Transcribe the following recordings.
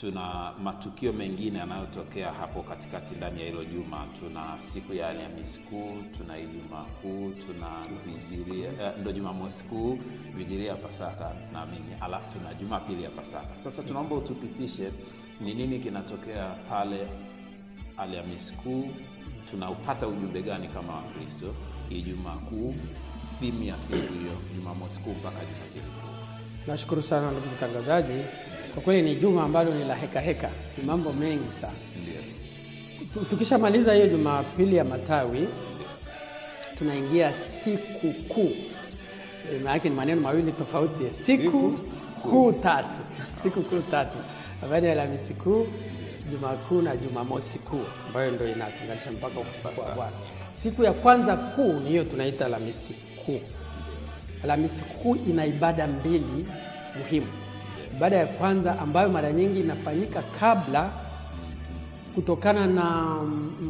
tuna matukio mengine yanayotokea hapo katikati ndani ya hilo juma. Tuna siku ya Alhamisi Kuu, tuna Ijumaa Kuu, tuna eh, ndo Jumamosi Kuu, vijiria ya Pasaka naamini, alafu tuna Jumapili ya Pasaka. Sasa tunaomba utupitishe ni nini kinatokea pale Alhamisi Kuu, tunaupata ujumbe gani kama Wakristo? Ijumaa Kuu, thimu ya siku hiyo, Jumamosi Kuu mpaka Jumapili Kuu. Nashukuru sana ndugu mtangazaji, kwa kweli ni juma ambalo ni la heka heka, ni mambo mengi sana. Tukishamaliza hiyo Jumapili ya matawi, tunaingia siku kuu. Eh, maana yake ni maneno mawili tofauti, siku kuu tatu, siku kuu tatu baada ya Alhamisi Kuu, Juma Kuu na Jumamosi Kuu, ambayo ndio inatunganisha mpaka kufa kwa Bwana. Siku ya kwanza kuu ni hiyo tunaita Alhamisi Kuu. Alhamisi Kuu ina ibada mbili muhimu. Ibada ya kwanza ambayo mara nyingi inafanyika kabla, kutokana na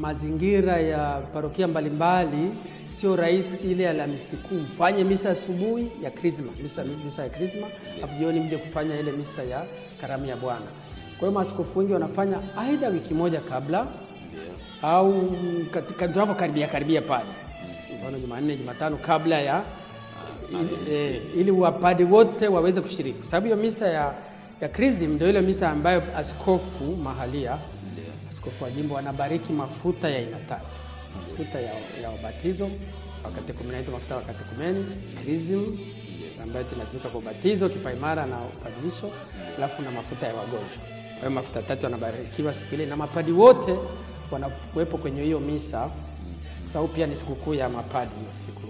mazingira ya parokia mbalimbali, sio rahisi ile Alhamisi Kuu mfanye misa asubuhi ya Krisma, misa, misa ya Krisma afu jioni mje kufanya ile misa ya karamu ya Bwana. Kwa hiyo maaskofu wengi wanafanya aidha wiki moja kabla au tunavyokaribia karibia pale, mfano Jumanne, Jumatano kabla ya ili, eh, ili wapadi wote waweze kushiriki, kwa sababu hiyo misa ya, ya krism ndio ile misa ambayo askofu mahalia yeah. askofu wa jimbo anabariki mafuta ya aina tatu, mafuta ya, ya ubatizo wakati kumi na mafuta wakati kumeni krism ambayo tunatumika kwa ubatizo, kipaimara na upadilisho, alafu na mafuta ya wagonjwa. Kwa hiyo mafuta tatu yanabarikiwa siku ile na mapadi wote wanakuwepo kwenye hiyo misa sababu pia ni sikukuu ya mapadi hiyo siku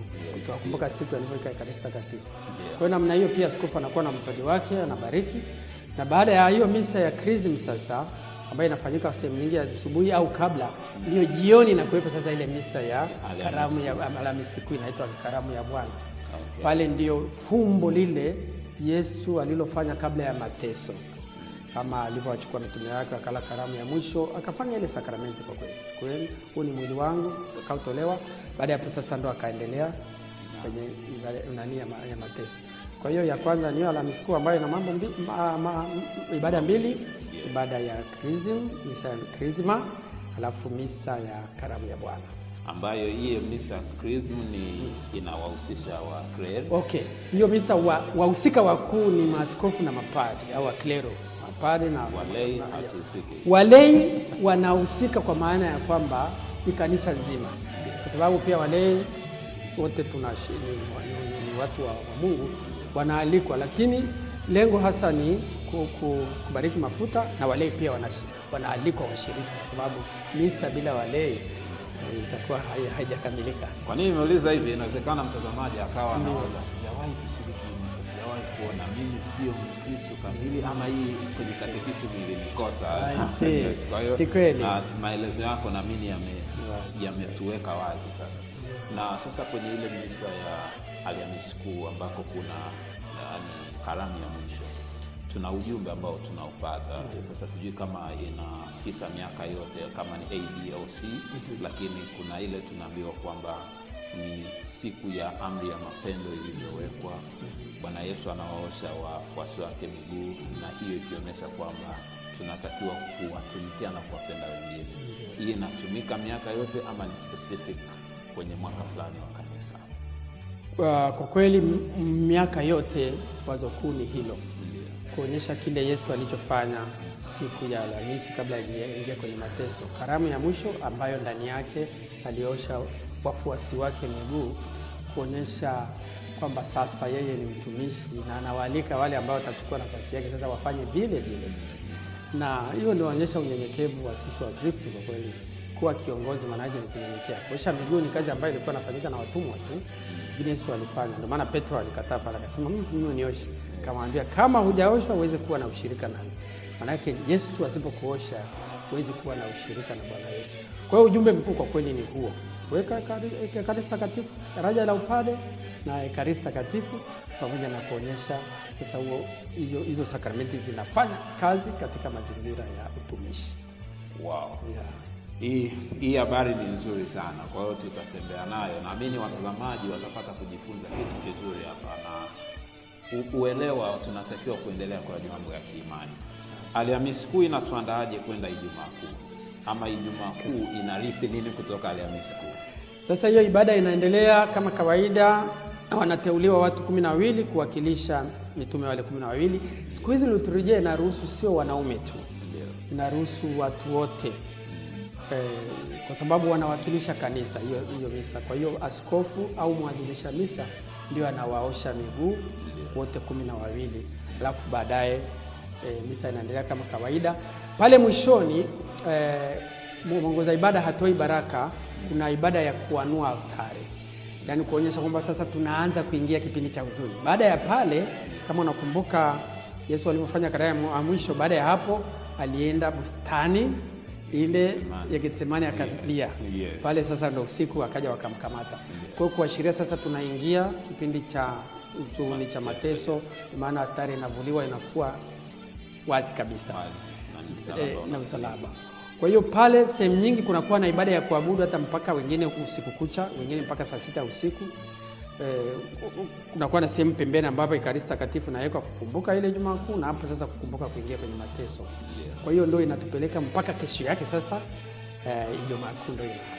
tunakumbuka yeah, siku alivyoika Ekaristi Takatifu. Kwa hiyo namna hiyo pia skofu anakuwa na mpadi wake anabariki, na baada ya hiyo misa ya krism sasa ambayo inafanyika sehemu nyingi ya asubuhi au kabla, ndio jioni na kuwepo sasa ile misa ya karamu ya Alhamisi Kuu inaitwa karamu ya Bwana. Okay. Pale ndio fumbo lile Yesu alilofanya kabla ya mateso kama alivyoachukua mitume yake akala karamu ya mwisho akafanya ile sakramenti. Kwa kweli kweli, huu ni mwili wangu akautolewa. Baada ya hapo sasa ndo akaendelea kwenye nani ya mateso. Kwa hiyo ya kwanza ni Alhamisi Kuu ambayo ina mambo ibada mbili, ibada ya Krisma, misa ya Krisma, alafu misa ya karamu ya Bwana ambayo hiyo misa Krisma ni inawahusisha wa kler Okay, hiyo misa wahusika wa wakuu ni maaskofu na mapadri au waklero mapade na walei, walei wanahusika kwa maana ya kwamba ni kanisa nzima, kwa sababu pia walei wote tuna ni watu wa, wa Mungu wanaalikwa, lakini lengo hasa ni kubariki mafuta na walei pia wanaalikwa washiriki, kwa sababu misa bila walei eh, itakuwa haijakamilika. Kwa nini nimeuliza hivi? Inawezekana mtazamaji akawa anawaza sijawahi kuona mimi sio Mkristo kamili ama hii kwenye katekisimu ilinikosa. Kwa maelezo yako na yametuweka yame wazi sasa, na sasa kwenye ile misa ya Alhamisi Kuu ambako kuna yani, karamu ya mwisho tuna ujumbe ambao tunaupata mm-hmm. sasa. Sijui kama inapita miaka yote kama ni ADOC, mm-hmm. lakini kuna ile tunaambiwa kwamba ni siku ya amri ya mapendo iliyowekwa. Bwana Yesu anawaosha wafuasi wake miguu, na hiyo ikionyesha kwamba tunatakiwa kuwatumikia na kuwapenda wengine. Hii inatumika miaka yote ama ni specific kwenye mwaka fulani wa kanisa? Kwa kweli miaka yote wazo kuu ni hilo, kuonyesha kile Yesu alichofanya siku ya Alhamisi kabla ingia kwenye mateso, karamu ya mwisho ambayo ndani yake aliosha wafuasi wake miguu kuonyesha kwamba sasa yeye ni mtumishi na anawaalika wale ambao watachukua nafasi yake sasa wafanye vile vile, na hiyo inaonyesha unyenyekevu wa sisi wa Kristo kwa kweli. Kuwa kiongozi maanake ni kunyenyekea. Kuosha miguu ni kazi ambayo ilikuwa inafanyika na watumwa tu, lakini Yesu alifanya. Ndio maana Petro alikataa pale, akasema hmm, mimi nioshe, kamwambia kama hujaoshwa uweze kuwa na ushirika nami. Maanake Yesu asipokuosha huwezi kuwa na ushirika na Bwana Yesu. Kwa hiyo ujumbe mkuu kwa kweli ni huo kuweka Ekaristi Takatifu, daraja la upade na Ekaristi Takatifu, pamoja na kuonyesha sasa huo hizo hizo sakramenti zinafanya kazi katika mazingira ya utumishi. Wow. Yeah. Hii hii habari ni nzuri sana, kwa hiyo tutatembea nayo, naamini watazamaji watapata kujifunza kitu kizuri hapa na uelewa tunatakiwa kuendelea kwa mambo ya kiimani. Alhamisi Kuu inatuandaaje kwenda Ijumaa Kuu? ama Ijumaa Kuu inarithi nini kutoka Alhamisi Kuu? Sasa hiyo ibada inaendelea kama kawaida, wanateuliwa watu kumi na wawili kuwakilisha mitume wale kumi na wawili. Siku hizi liturujia inaruhusu sio wanaume tu, inaruhusu watu wote e, kwa sababu wanawakilisha kanisa hiyo hiyo misa. Kwa hiyo askofu au mwadhilisha misa ndio anawaosha miguu wote kumi na wawili, alafu baadaye e, misa inaendelea kama kawaida. Pale mwishoni eh, mwongoza ibada hatoi baraka, kuna ibada ya kuanua altari, yaani kuonyesha kwamba sasa tunaanza kuingia kipindi cha huzuni. Baada ya pale, kama unakumbuka Yesu alivyofanya karamu ya mwisho, baada ya hapo alienda bustani ile ya Getsemani akatulia pale. Sasa ndo usiku akaja wakamkamata. Kwa hiyo kuashiria sasa tunaingia kipindi cha uchuni cha mateso, maana hatari inavuliwa inakuwa wazi kabisa. Eh, na usalama. Kwa hiyo pale sehemu nyingi kunakuwa na ibada ya kuabudu hata mpaka wengine usiku kucha, wengine mpaka saa sita usiku. Eh, kunakuwa na sehemu pembeni ambapo Ekaristi Takatifu nawekwa kukumbuka ile Juma Kuu na hapo sasa kukumbuka kuingia kwenye mateso. Kwa hiyo ndio inatupeleka mpaka kesho yake sasa, e, Ijumaa Kuu ndio